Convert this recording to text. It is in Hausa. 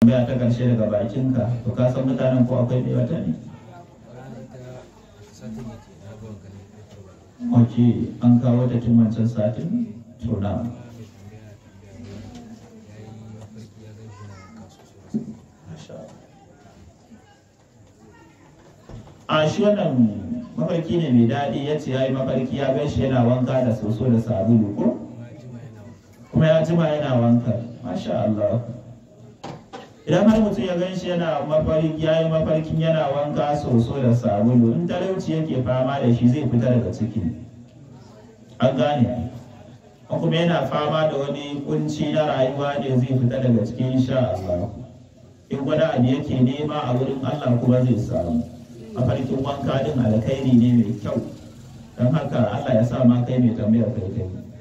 tambaya ta karshe daga bakinka to ka san mutanen ko akwai mai wata ne ok an kawo ta tun wancan satin to na a shi wannan mafarki ne mai daɗi ya ce ya yi mafarki ya gan shi yana wanka da soso da sabulu ko kuma ya jima yana wanka masha Allah idan har mutum ya gan shi yana mafarki ya yi mafarkin yana wanka soso da sabulu in talauci yake fama da shi zai fita daga ciki an gane kuma yana fama da wani kunci na rayuwa ne zai fita daga cikin sha Allah in wani abu yake nema a wurin Allah kuma zai samu mafarkin wanka din alkhairi ne mai kyau don haka Allah ya sa ma kai mai tambayar kai kai